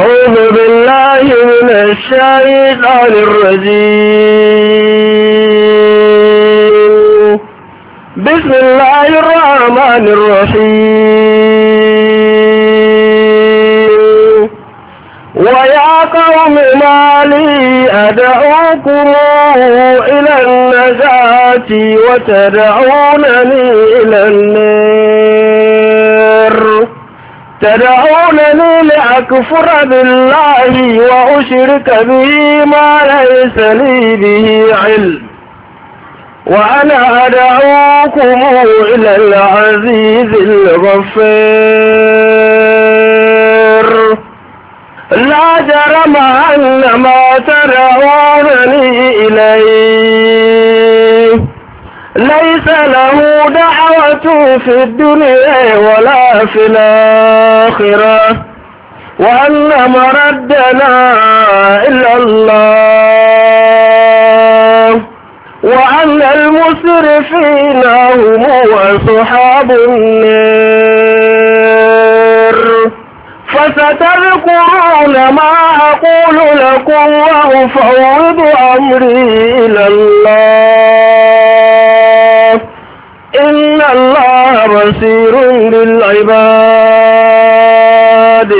أعوذ بالله من الشيطان الرجيم بسم الله الرحمن الرحيم ويا قوم ما لي أدعوكم إلى النجاة وتدعونني إلى النار تدعونني لأكفر بالله وأشرك به ما ليس لي به علم وأنا أدعوكم إلى العزيز الغفير لا جرم أن ما تدعونني إليه ليس له دعوة في الدنيا ولا في الآخرة وأن مردنا إلا الله وأن المسرفين هم أصحاب النار فستذكرون ما أقول لكم وأفوض أمري إلى الله إن الله بصير بالعباد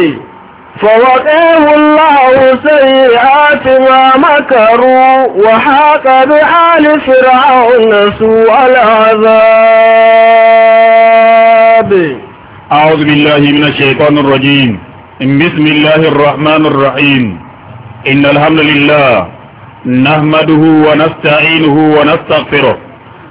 فوقعه الله سيئات ما مكروا وحاق بآل فرعون سوء العذاب أعوذ بالله من الشيطان الرجيم بسم الله الرحمن الرحيم إن الحمد لله نحمده ونستعينه ونستغفره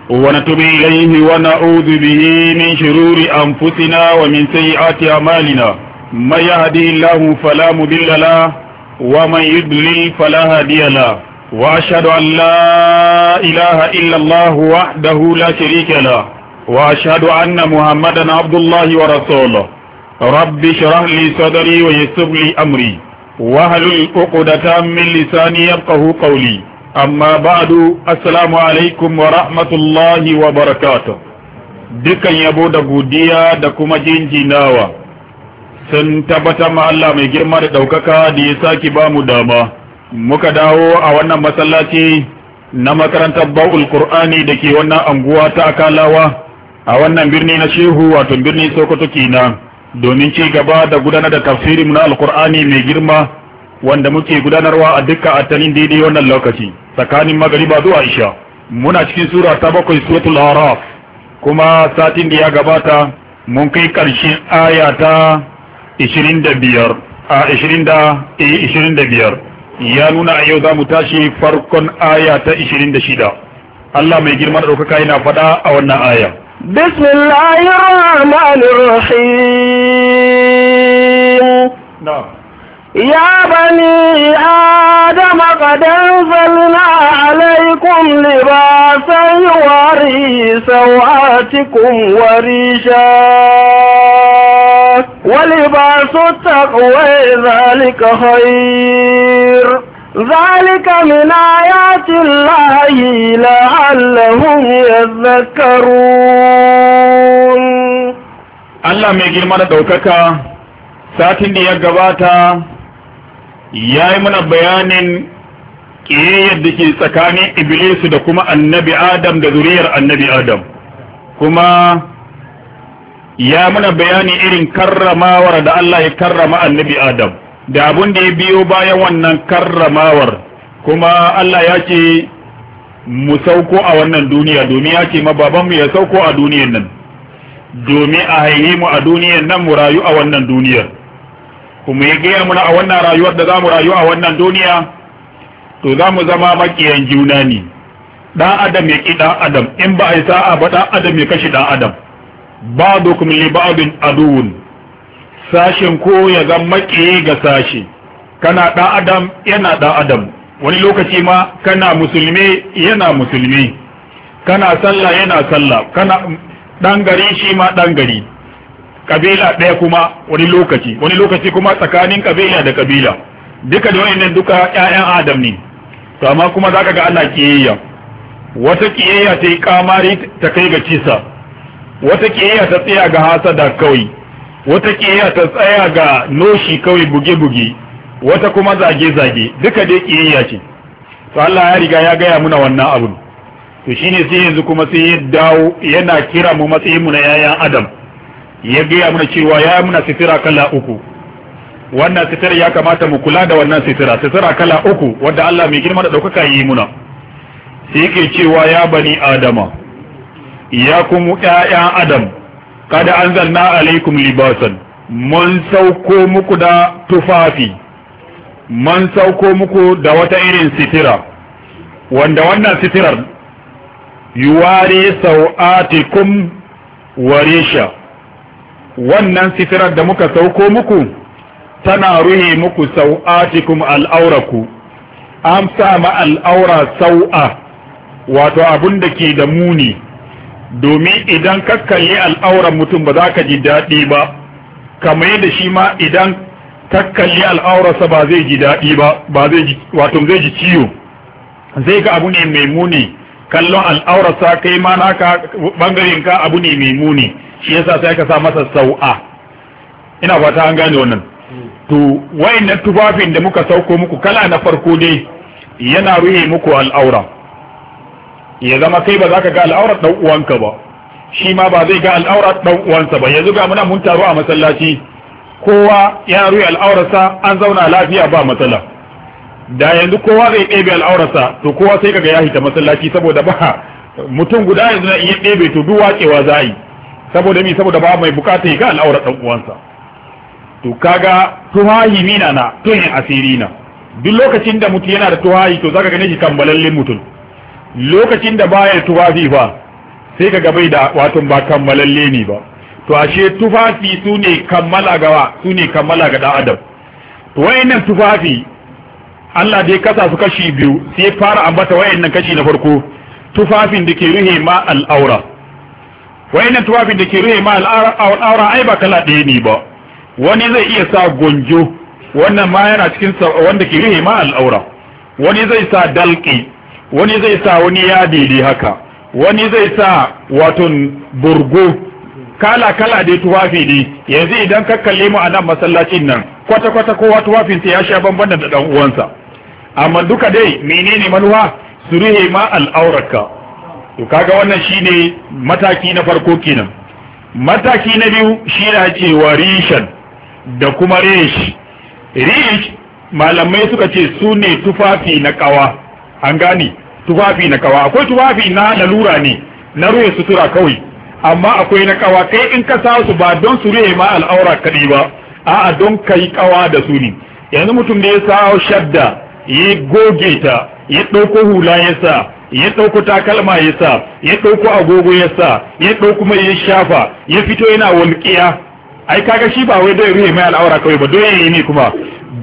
ونتوب إليه ونعوذ به من شرور أنفسنا ومن سيئات أعمالنا من يهدي الله فلا مضل له ومن يضلل فلا هادي له وأشهد أن لا إله إلا الله وحده لا شريك له وأشهد أن محمدا عبد الله ورسوله رب اشرح لي صدري ويسر لي أمري وهل عقدة من لساني يفقه قولي amma ba'du assalamu alaikum wa rahmatullahi wa barakatuh dukan yabo da godiya da kuma jinjinawa sun tabbatar ma Allah mai girma da ɗaukaka da ya saki ba mu dama muka dawo a wannan masallaci na makarantar ba'ul qur'ani da ke wannan anguwa ta akalawa a wannan birni na shehu wato birni sokoto kina domin ci gaba da gudanar da tafsirin na alqur'ani mai girma wanda muke gudanarwa a dukkan attanin daidai wannan lokaci tsakanin magariba zuwa isha muna cikin sura ta bakwai suratul araf kuma satin da ya gabata mun kai karshen aya ta 25 a 25 eh, ya nuna a yau za mu tashi farkon aya ta 26 Allah mai girman ɗaukaka yana faɗa a wannan aya bismillahir rahmanir rahim na'am يا بني آدم قد انزلنا عليكم لباسا يواري سواتكم وريشا ولباس التقوى ذلك خير ذلك من آيات الله لعلهم يذكرون الله ميجي girma da ساتين دي يقباتا ya yi mana bayanin ƙiyayyar da ke tsakanin iblisu da kuma annabi adam da zuriyar annabi adam kuma ya mana bayani irin karramawar da Allah ya karrama annabi adam da abun da ya biyo bayan wannan karramawar kuma Allah ya ce mu sauko a wannan duniya domin ya ce mababanmu ya sauko a duniyan nan domin a haihe mu a duniyan nan mu rayu a wannan duniyar kuma ya gaya muna a wannan rayuwar da za mu rayu a wannan duniya to za mu zama makiyan juna ne dan adam ya ki dan adam in ba a yi sa'a ba dan adam ya kashi dan adam ba'dukum li ba'din aduwwun sashin ko ya zama makiyi ga sashi kana dan adam yana dan adam wani lokaci ma kana musulmi yana musulmi kana sallah yana sallah kana dan gari shi ma dan gari kabila ɗaya kuma wani lokaci wani lokaci kuma tsakanin kabila da kabila duka da wayannan duka ƴaƴan adam ne to amma kuma zaka ga Allah kiyayya wata kiyayya ta yi kamari ta kai ga cisa wata kiyayya ta tsaya ga hasada kawai wata kiyayya ta tsaya ga noshi kawai buge-buge wata kuma zage-zage duka dai kiyayya ce to Allah ya riga ya gaya muna wannan abun to shine sai yanzu kuma sai ya dawo yana kira mu matsayin mu na ƴaƴan adam ya gaya mana cewa ya yi muna sitira kala uku wannan sitira ya kamata mu kula da wannan sitira sitira kala uku wanda Allah mai girma da daukaka yi muna sai yake cewa ya bani adama ya kuma ƴaƴan adam kada an anzalna alaikum libasan mun sauko muku da tufafi mun sauko muku da wata irin sitira wanda wannan sitirar yuwari sau'atikum warisha wannan sifirar da muka sauko muku tana ruhe muku sau'atikum al'auraku an ma al'aura sau'a wato abun da ke da muni domin idan ka kalli al'auran mutum ba za ka ji daɗi ba kamar yadda shi ma idan ka kalli al'aurarsa ba zai ji daɗi ba ba zai ji wato zai ji ciwo zai ga abu ne mai muni kallon al'aurarsa kai ma naka bangaren ka abu ne mai muni shi yasa sai aka sa masa sau'a ina fata an gane wannan to wayannan tufafin da muka sauko muku kala na farko dai yana ruhe muku al'aura ya zama kai ba za ka ga al'aura dan uwanka ba shi ma ba zai ga al'aura dan uwansa ba yanzu ga muna mun taro a masallaci kowa ya ruhe al'aurarsa an zauna lafiya ba matsala da yanzu kowa zai ɗebe al'aurarsa to kowa sai kaga ya hita masallaci saboda ba mutum guda yanzu na iya ɗebe to duk wakewa za yi saboda mi saboda ba mai bukata ga al'aurar dan uwansa to kaga tuhahi mina na tuhin asiri na duk lokacin da mutum yana da tuhahi to zaka gane shi kammalallin mutum lokacin da baya tufafi fa sai ka bai da wato ba kammalalle ne ba to ashe tufafi su ne kammala gawa su ne kammala ga dan adam to wayannan tufafi Allah dai kasa su kashi biyu sai fara ambata wayannan kashi na farko tufafin da ke ruhe ma al'aura wayannan tuwafin da ke rufe ma al'aura ai ba kala ɗaya ne ba wani zai iya sa gonjo wannan ma yana cikin wanda ke rufe ma al'aura wani zai sa dalki wani zai sa wani ya daidai haka wani zai sa waton burgo kala kala dai tuwafi ne yanzu idan ka kalle mu a nan masallacin nan kwata kwata kowa tufafin sa ya sha banban da dan uwansa amma duka dai menene manuwa su ruhe ma al'aurarka to kaga wannan shine mataki na farko kenan mataki na biyu shine ake warishan rishan da kuma rish rish malamai suka ce su ne tufafi na kawa an gane tufafi na kawa akwai tufafi na lalura ne na ruwa sutura kawai amma akwai na kawa kai in ka sa su ba don su ruwa ma al'aura kaɗai ba a'a don kai kawa da su ne yanzu mutum da ya sa shadda ya goge ta ya ɗauko hula ya sa ya ɗauko takalma ya sa ya ɗauko agogo ya sa ya ɗauko mai ya shafa ya fito yana walƙiya ai kaga shi ba wai dai ruhe mai al'aura kawai ba don yayi ne kuma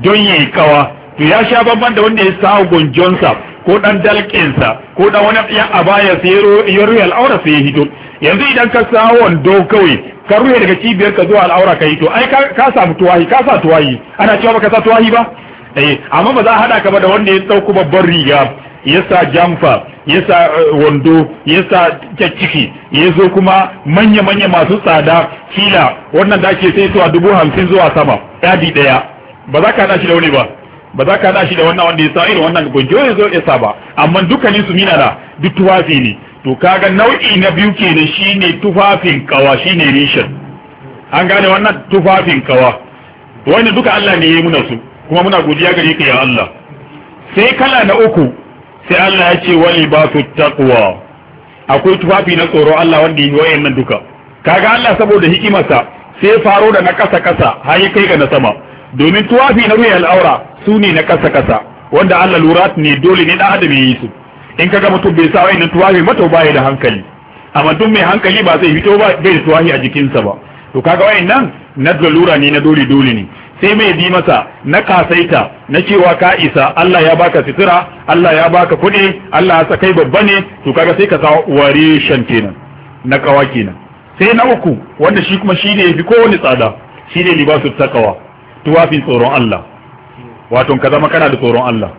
don yayi kawa to ya sha bamban da wanda ya sa gonjonsa ko dan dalƙinsa ko dan wani ya abaya sai ya ruhe al'aura sai ya hito yanzu idan ka sa wando kawai ka ruhe daga cibiyar ka zuwa al'aura ka hito ai ka samu tuwahi ka sa tuwahi ana cewa baka sa tuwahi ba eh amma ba za a hada ka ba da wanda ya dauko babban riga ya sa jamfa ya sa eh, wando ya sa ciki ya zo kuma manya-manya masu tsada fila wannan da ake sai zuwa dubu hamsin zuwa sama yadi ɗaya ba za ka haɗa shi da wani ba ba za ka haɗa shi da wannan wanda ya sa irin wannan gwanjo ya zo ya sa ba amma dukkanin su mina da duk tufafi ne to kaga nau'i na biyu ke shi ne tufafin kawa shi ne rishin an gane wannan tufafin kawa wani duka Allah ne ya yi muna su kuma muna godiya gare ka ya Allah sai kala na uku sai Allah ya ce wani ba taqwa akwai tufafi na tsoro Allah wanda yi wayan nan duka kaga Allah saboda hikimarsa sai ya faro da na kasa kasa har ya kai ga na sama domin tufafi na ruhi al'aura su ne na kasa kasa wanda Allah lurat ne dole ne da adam yi su in kaga mutum bai sa wayan tufafi mato baya da hankali amma duk mai hankali ba zai fito ba bai da tufafi a jikinsa ba to kaga wayan nan na lura ne na dole dole ne sai mai bi masa na kasaita na cewa ka isa Allah ya baka fitira Allah ya baka kuɗi Allah ya sakai babba ne to kaga sai ka sa shanke kenan na kawa kenan sai na uku wanda shi kuma shine yafi kowane tsada shine libasu takawa tuwafin tsoron Allah wato ka zama kana da tsoron Allah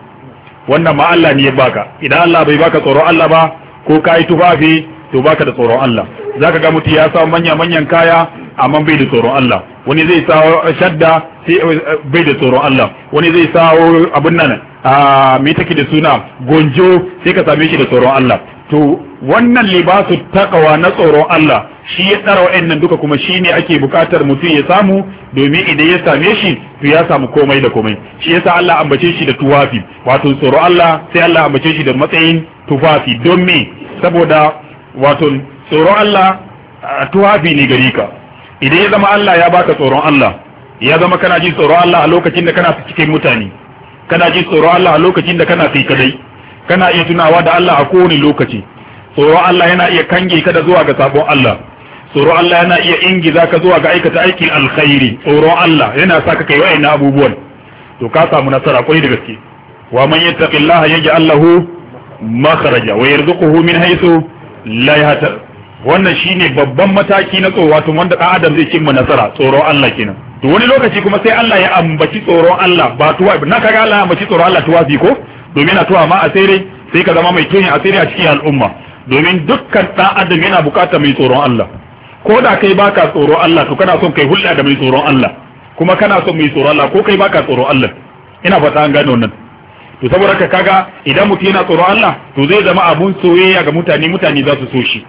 wannan ma Allah ne ya baka idan Allah bai baka tsoron Allah ba ko kai tufafi to baka da tsoron Allah zaka ga mutum ya samu manya manyan kaya amma bai da tsoron Allah wani zai sawo shadda eh, bai da tsoron Allah wani zai sawo abin nan a ah, mai take da suna gonjo sai ka same shi da tsoron Allah to wannan libasu takawa na tsoron Allah shi ya tsara wa'annan duka kuma shi ne ake bukatar mutum ya samu domin idan ya same shi to ya samu komai da komai shi yasa Allah ambace shi da tuwafi wato tsoron Allah sai Allah ambace shi da matsayin tufafi don me saboda wato tsoron Allah ah, tuwafi ne gari ka idan ya zama Allah ya baka tsoron Allah ya zama kana jin tsoron Allah a lokacin da kana cikin mutane kana jin tsoron Allah a lokacin da kana kai kadai kana iya tunawa da Allah a kowane lokaci tsoron Allah yana iya kange ka da zuwa ga sabon Allah tsoron Allah yana iya ingiza ka zuwa ga aikata aikin alkhairi tsoron Allah yana saka ka kai wa'annan abubuwan to ka samu nasara kwai da gaske wa man yattaqillaha yaj'al lahu makhraja wa yarzuquhu min haythu la yahtasib wannan shi ne babban mataki na tsoro wato wanda dan adam zai cimma nasara tsoron Allah kenan to wani lokaci kuma sai Allah ya ambaci tsoron Allah ba tuwa na kaga Allah ya ambaci tsoron Allah tuwa ko domin a tuwa ma asiri sai ka zama mai tuni asiri a cikin al'umma domin dukkan dan adam yana bukata mai tsoron Allah ko da kai baka tsoron Allah to kana son kai hulɗa da mai tsoron Allah kuma kana son mai tsoron Allah ko kai baka tsoro Allah ina fata an gano nan to saboda ka kaga idan mutum yana tsoron Allah to zai zama abun soyayya ga mutane mutane za su so shi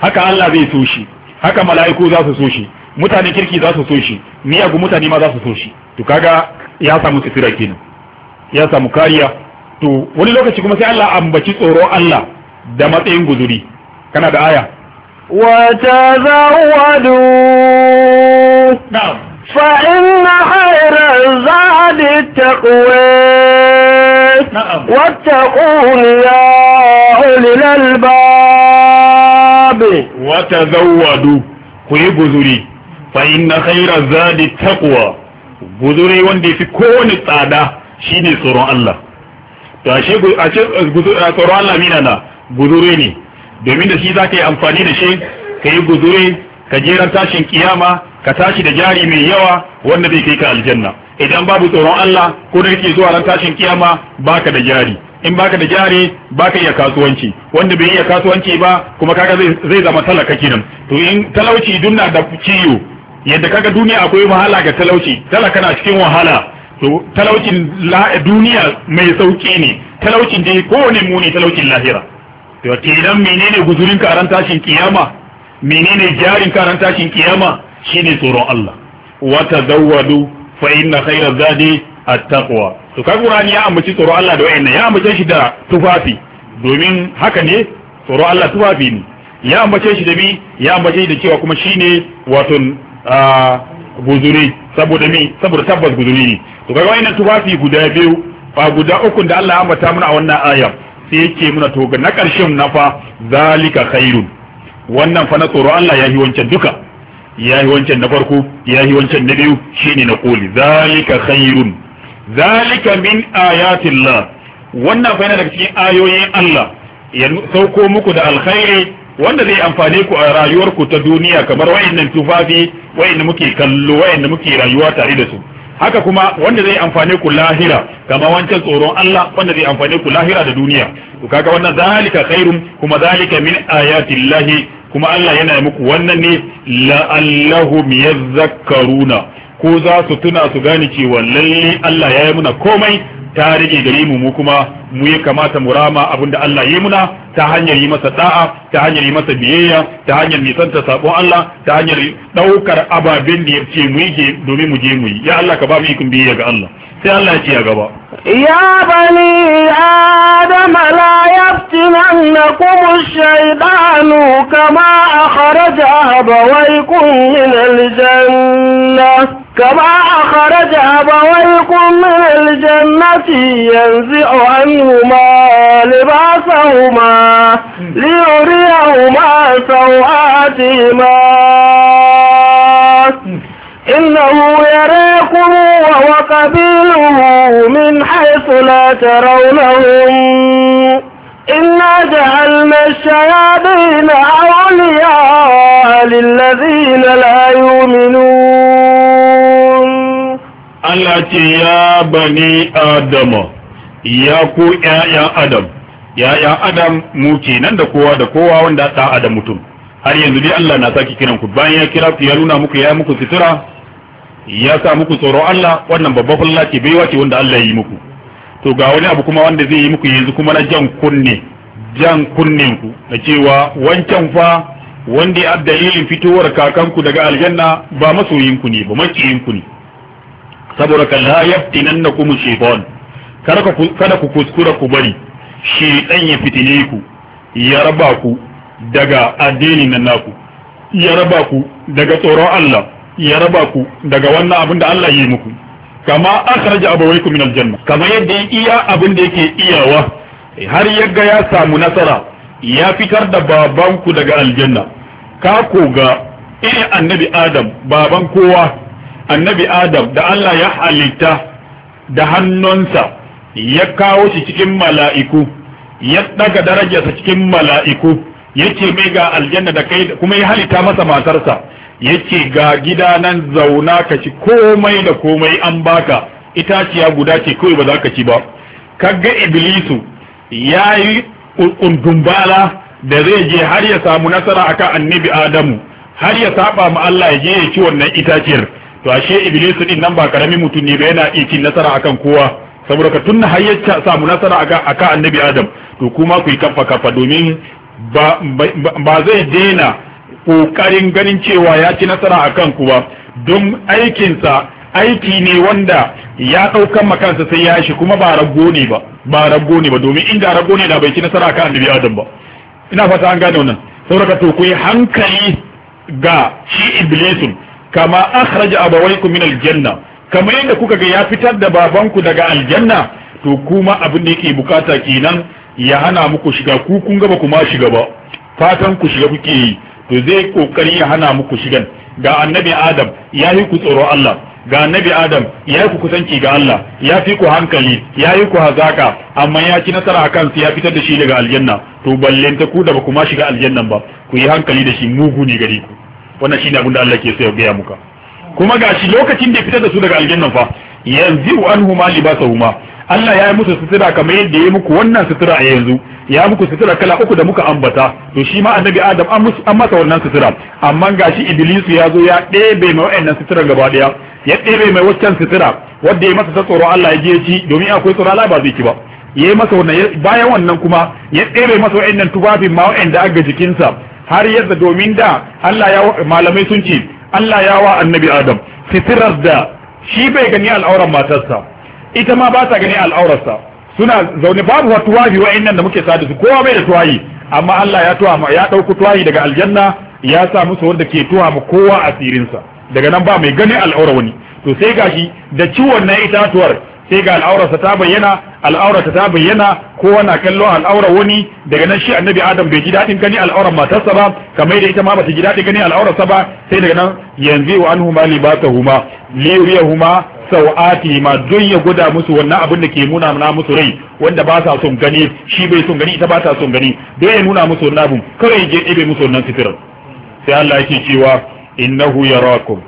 haka Allah zai so shi haka mala'iku za su so shi mutanen kirki za su so shi miyagu mutane ma za su so shi to kaga ya samu sitira kenan ya samu kariya to wani lokaci kuma sai Allah ambaci tsoro Allah da matsayin guzuri kana da aya wa tazawwadu na'am fa inna zadi taqwa wata wattaqun ya ulil albab zaɓe wata zauwadu ku yi guzuri fa inna khaira zadi taqwa guzuri wanda yafi kowane tsada shine tsoron Allah to ashe a tsoron Allah mina na guzuri ne domin da shi zaka yi amfani da shi ka yi guzuri ka jeran tashin kiyama ka tashi da jari mai yawa wanda zai kai ka aljanna idan babu tsoron Allah ko da yake zuwa ran tashin kiyama baka da jari in baka da jari baka iya kasuwanci wanda bai iya kasuwanci ba kuma kaga zai zama talaka kenan to in talauci dunna da ciyo yadda kaga duniya akwai wahala ga talauci talaka na cikin wahala to talaucin duniya mai sauki ne talaucin dai kowane muni talaucin lahira to kidan menene guzurin karan tashin kiyama menene jarin karan tashin kiyama shine tsoron Allah wa tazawwadu fa inna khayra zadi attaqwa to kai qur'ani ya ambaci tsoro Allah da wayannan ya ambace shi da tufafi domin haka ne tsoro Allah tufafi ne ya ambace shi da mi ya ambace da cewa kuma shine wato guzuri saboda mi saboda tabbas guzuri ne to kaga wayannan tufafi guda biyu fa guda uku da Allah ya ambata mana a wannan aya sai yake muna to ga na karshen na fa zalika khairun wannan fa na tsoro Allah ya yi wancan duka ya yi wancan na farko ya yi wancan na biyu shine na koli zalika khairun zalika min ayatillah wannan fa yana daga cikin ayoyin Allah ya sauko muku da alkhairi wanda zai amfane ku a rayuwarku ta duniya kamar wayannan tufafi wayanda muke kallo wayanda muke rayuwa tare da su haka kuma wanda zai amfane ku lahira kama wancan tsoron Allah wanda zai amfane ku lahira da duniya to kaga wannan zalika khairum kuma zalika min ayatillahi kuma Allah yana muku wannan ne la'allahum yadhakkaruna ko za su tuna su gane cewa lalle Allah ya yi muna komai ta rage gare mu mu kuma mu ya kamata mu rama abinda Allah ya yi muna ta hanyar yi masa da'a ta hanyar yi masa biyayya ta hanyar nisanta sabon Allah ta hanyar daukar ababen da ya ce mu yi domin mu je mu yi ya Allah ka ba mu ikon biyayya ga Allah sai Allah ya ce ya gaba ya bani adam la yaftinannakum ash-shaytanu kama akhraja abawaykum min al-jannah كما أخرج أبويكم من الجنة ينزع عنهما لباسهما ليريهما سوآتهما إنه يريكم وهو قبيله من حيث لا ترونهم إنا جعلنا الشياطين أولياء للذين لا يؤمنون Allah ce ya bani adama ya ku ƴaƴan adam yaya adam mu ke nan da kowa da kowa wanda ta adam mutum har yanzu dai Allah na sake kiran ku bayan ya kira ku ya nuna muku ya muku sitira ya sa muku tsoro Allah wannan babban fulla ke baiwa ce wanda Allah ya yi muku to ga wani abu kuma wanda zai yi muku yanzu kuma na jan kunne jan kunnen ku na cewa wancan fa wanda ya dalilin fitowar kakanku daga aljanna ba masoyinku ne ba makiyinku ne saboda ka la yaftinannakum shaytan kada ku kada ku kuskura ku bari shaytan ya fitine ku ya raba ku daga addini nan ya raba ku daga tsoron Allah ya raba ku daga wannan abin da Allah yi muku kama akhraja abawaykum min aljanna kama yadda iya abin da yake iyawa har yagga ya samu nasara ya fitar da babanku daga aljanna ka koga irin annabi adam baban kowa annabi adam da Allah ya halitta da hannunsa ya kawo shi cikin mala'iku ya daga darajarsa cikin mala'iku ya ce mai ga aljanna da kai kuma ya halitta masa matarsa ya ce ga gida nan zauna ka ci komai da komai an baka itaciya guda ce kawai ba za ka ci ba kaga iblisu ya yi undumbala da zai je har ya samu nasara akan annabi adamu har ya saba ma Allah ya je ya ci wannan itaciyar to ashe iblisu din nan ba karamin mutum ne ba yana iya cin nasara akan kowa saboda ka tunna har samu nasara akan annabi adam to kuma ku yi kafa kafa domin ba zai daina kokarin ganin cewa ya ci nasara akan ku ba don aikinsa aiki ne wanda ya ɗaukan makansa sai ya shi kuma ba rago ne ba ba rago ne ba domin inda rago ne da bai ci nasara akan annabi adam ba ina fata an gane wannan saboda ka to ku yi hankali ga shi iblisun kama akhraja abawaykum min aljanna kamar yadda kuka ga ya fitar da babanku daga aljanna to kuma abin da yake bukata kenan ya hana muku shiga ku kun ga kuma shiga ba fatan ku shiga kuke yi to zai kokari ya hana muku shigan ga annabi adam ya yi ku tsoro Allah ga annabi adam ya yi ku kusanci ga Allah ya fi ku hankali ya yi ku hazaka amma ya ci nasara akan su ya fitar da shi daga aljanna to ballen ku da ba kuma shiga aljannan ba ku yi hankali da shi mugu ne gare ku wannan shine abin da Allah ke so ya gaya muka kuma gashi lokacin da ya fitar da su daga aljannan fa yanzu anhuma libasahuma Allah ya yi musu sutura kamar yadda ya yi muku wannan sutura a yanzu ya muku sutura kala uku da muka ambata to shi ma annabi Adam an masa wannan sutura amma gashi Iblisu ya zo ya ɗebe mai wa'annan sutura gaba daya ya ɗebe mai waccan sutura wanda ya masa ta tsoro Allah ya je ci domin akwai tsoro Allah ba zai ci ba ya yi masa wannan bayan wannan kuma ya ɗebe masa wa'annan tufafin ma wa'anda aga jikinsa har yadda domin da Allah ya malamai sun ce Allah ya wa annabi Adam sitirar da shi bai gani al'auran matarsa ita ma ba ta gani al'aurarsa suna zaune babu wa tuwahi da muke sadu kowa bai da tuwahi amma Allah ya tuwa ya dauko tuwahi daga aljanna ya sa musu wanda ke tuwa mu kowa asirinsa daga nan ba mai gani al'aura wani to sai gashi da ciwon na itatuwar sai ga al'aurarsa ta bayyana al'aurarsa ta bayyana kowa na kallo al'aurar wani daga nan shi annabi adam bai ji daɗin gani al'aurar matarsa ba kamar da ita ma bata ji daɗin gani al'aurarsa ba sai daga nan yanzu wa anhuma libasahuma huma sau'ati ma don ya guda musu wannan abin da ke nuna na musu rai wanda ba sa son gani shi bai son gani ita ba ta son gani don ya nuna musu wannan abin kawai je ibe musu wannan sitirar sai Allah yake cewa innahu yarakum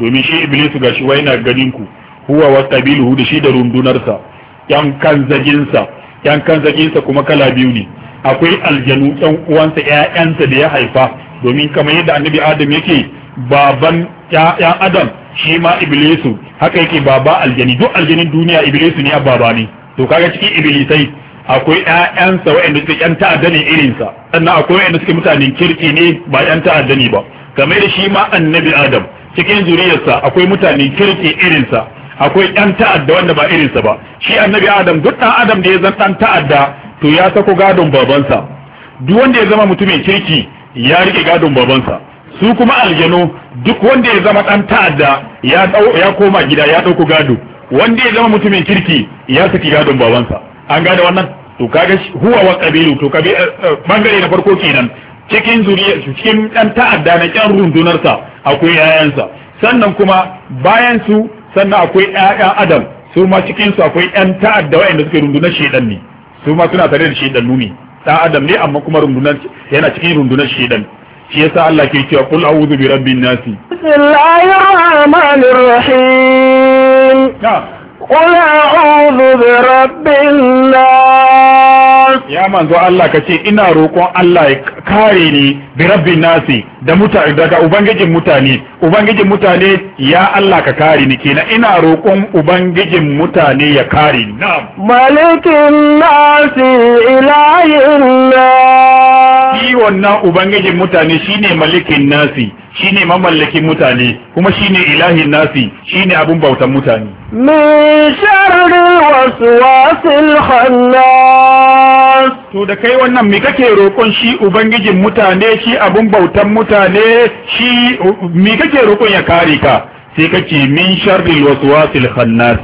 domin shi iblisu gashi wai yana ganin ku huwa wa qabiluhu da shi da rundunarsa yan kan zaginsa yan kan zaginsa kuma kala biyu ne akwai aljanu yan uwansa ƴaƴansa da ya haifa domin kamar yadda annabi adam yake baban ƴaƴan adam shi ma iblisu haka yake baba aljani duk aljanin duniya iblisu ne a baba ne to kaga cikin iblisai akwai ƴaƴansa waɗanda suke ƴan ta'adda ne irinsa sannan akwai waɗanda suke mutanen kirki ne ba ƴan ta'adda ne ba kamar da shi ma annabi adam cikin zuriyarsa akwai mutanen kirki irinsa akwai ɗan ta'adda wanda ba irinsa ba shi annabi adam duk ɗan adam da ya zan ɗan ta'adda to ya sako gadon babansa duk wanda ya zama mutumin kirki ya rike gadon babansa su kuma aljanu duk wanda ya zama ɗan ta'adda ya koma gida ya ɗauko gado wanda ya zama mutumin kirki ya saki gadon babansa an gada wannan to kaga huwa wa kabilu to kabi bangare eh, eh, na farko kenan cikin zuriya cikin ɗan ta'adda na ƙyan rundunarsa akwai yayansa sannan kuma bayan su sannan akwai ƴaƴan adam su ma cikin akwai ƴan ta'adda wa'anda suke rundunar shedan ne su ma suna tare da shedan ne dan adam ne amma kuma rundunar yana cikin rundunar shedan shi yasa Allah ke cewa qul a'udhu bi rabbin nas qul a'udhu bi rabbin nas ya manzo Allah ka ce ina roƙon Allah ya kare ni bi rabbi nasi da mutane daga ubangijin mutane ubangijin mutane ya Allah ka kare ni kenan ina roƙon ubangijin mutane ya kare ni na'am malikin nasi ilahin nas wannan ubangijin mutane shine malikin nasi shine mamallakin mutane kuma shine ilahin nasi shine abun bautan mutane min sharri waswasil khannas to da kai wannan me kake roƙon shi ubangijin mutane shi abun bautan mutane shi me kake roƙon ya kare ka sai kace min sharri waswasil khannas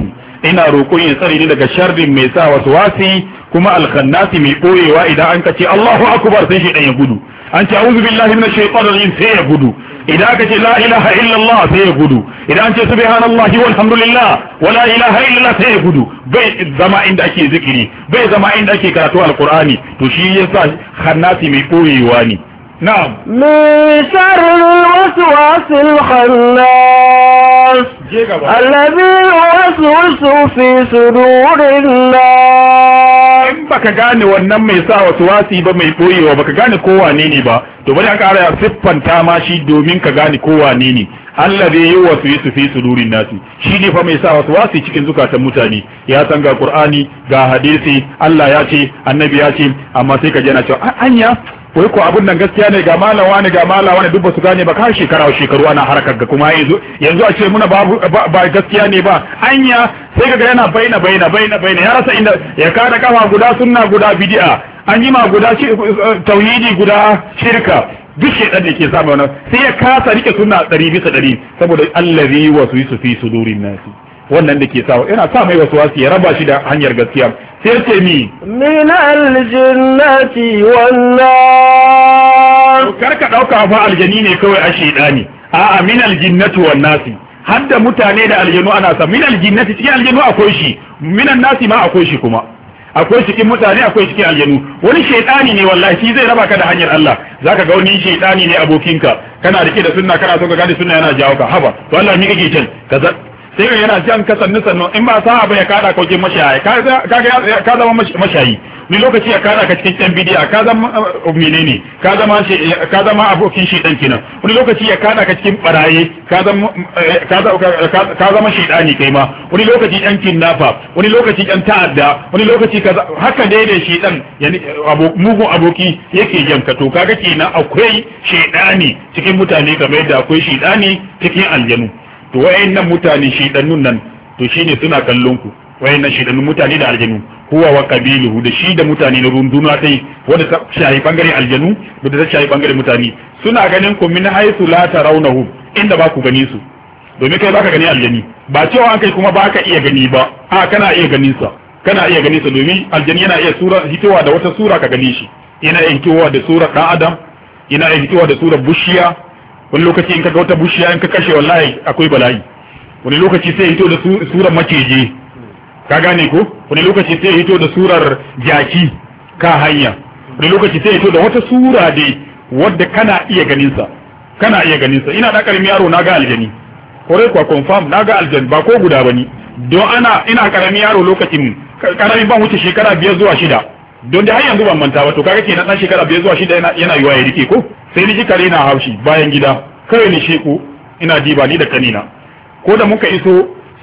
ina roƙon ya tsare ni daga sharrin mai sa waswasi kuma alkhannasi mai boyewa idan an kace Allahu akbar sai shi dan ya gudu an ce a'udhu billahi minash shaitanir rajim sai ya gudu idan aka ce la ilaha illallah sai ya gudu idan an ce subhanallahi walhamdulillah wala ilaha illallah sai ya gudu bai zama inda ake zikiri bai zama inda ake karatu alqur'ani to shi yasa khannasi mai boyewa ne نعم من شر الوسواس الخناس الذي يوسوس في صدور الناس in بك gane wannan mai sa wasu ba mai boyewa baka gane ko ne ne ba to bari aka ara siffanta ma shi domin ka gane ko ne ne Allah zai yi wasu fi sudurin nasi shi ne fa mai sa wasu wasi cikin zukatan mutane ya san ga Qur'ani ga hadisi Allah ya ce annabi ya ce amma sai ka jana cewa anya wai ko abun nan gaskiya ne ga malawa ne ga malawa ne duk ba su gane ba kan shekara shekaru ana harkar ga kuma yanzu yanzu a ce muna babu ba gaskiya ne ba anya sai kaga yana baina baina baina baina ya rasa inda ya kada kafa guda sunna guda bid'a an yi ma guda tauhidi guda shirka duk shedan da ke samu wannan sai ya kasa rike sunna 100 bisa 100 saboda allazi wasu yusufi sudurin nasi wannan da ke sawa yana sa mai wasu wasu ya raba shi da hanyar gaskiya sai ce mi min aljinnati wannan karka dauka fa aljani ne kawai a shedani a min aljinnati wan nasi hadda mutane da aljanu ana sa min aljinnati cikin aljanu akwai shi minan nasi ma akwai shi kuma akwai cikin mutane akwai cikin aljanu wani shaidani ne wallahi shi zai raba ka da hanyar Allah zaka ga wani shaidani ne abokinka kana rike da sunna kana so ka gane sunna yana jawo ka haba to Allah mi kake can kaza sai ga yana jan kasan nisan nan in ba sa ba ya kada ka wajen mashayi ka zama mashayi ni lokaci ya kada ka cikin yan bidiya ka zama uh, menene ka zama ka zama abokin shi dan kenan wani lokaci ya kada ka cikin baraye ka zama eh, ka zama shedani kai ma wani lokaci dan kidnapper wani lokaci dan ta'adda wani lokaci kaza haka dai da shedan yani mugun aboki yake ka to kaga kenan akwai shedani cikin mutane kamar yadda akwai shedani cikin aljanu to wayannan mutane shidannun nan to shine suna kallon ku wayannan shidannun mutane da aljanu huwa wa qabiluhu da shi da mutane na runduna tai wanda ta shahi bangare aljanu da ta shahi bangare mutane suna ganin ku min haythu la tarawnahu inda ba ku gani su domin kai baka gani aljani ba cewa an kai kuma baka iya gani ba a kana iya ganin sa kana iya ganin sa domin aljani yana iya sura hitowa da wata sura ka gani shi yana iya hitowa da sura dan adam yana iya hitowa da sura bushiya wani lokaci in ka ga wata bushiya in ka kashe wallahi akwai bala'i wani lokaci sai hito da surar maceje ka gane ko wani lokaci sai hito da surar jaki ka hanya wani lokaci sai hito da wata sura dai wadda kana iya ganin sa kana iya ganin sa ina da karmi yaro na ga aljani kore kwa confirm na ga aljani ba ko guda bane don ana ina karami yaro lokacin karami ban wuce shekara biyar zuwa shida don da har yanzu ban manta ba to kaga na dan shekara biyar zuwa shida yana yana yiwa ya rike ko sai ni ji kare na haushi bayan gida kawai ni sheku ina diba ni da kanina ko da muka iso